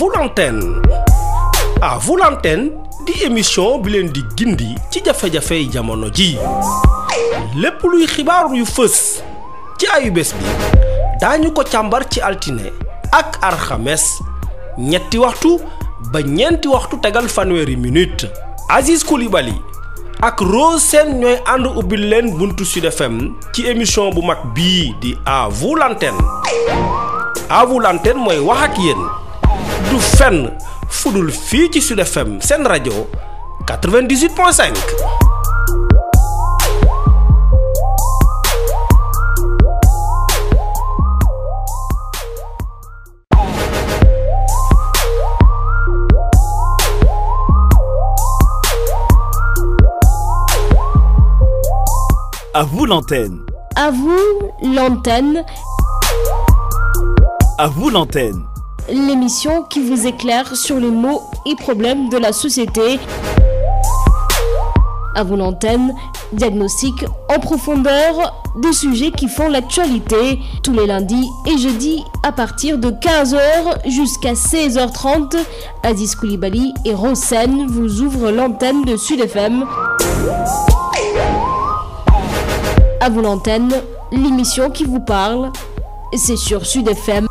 vous l'antenne à di émission bi leen di gindi ci jafe-jafey jamono ji lépp luy xibaar yu fës ci ayubés bi daañu ko càmbar ci altine ak arxames ñetti waxtu ba ñeenti waxtu tegal fanweeri minute Aziz Koulibaly ak Rose Sène ñooy ànd ubbil leen buntu Sud ci émission bu mag bii di à vous l'antenne à vous mooy wax ak yéen du fenn fudul fii ci Sud FM seen rajo 98.5. À vous l'antenne. À vous l'antenne. À l'antenne. l'émission qui vous éclaire sur les mots et problèmes de la société. À vos antennes, diagnostic en profondeur des sujets qui font l'actualité tous les lundis et jeudis à partir de 15h jusqu'à 16h30. Aziz Koulibaly et Rosen vous ouvrent l'antenne de Sud FM. À vous l'antenne, l'émission qui vous parle, c'est sur Sud FM.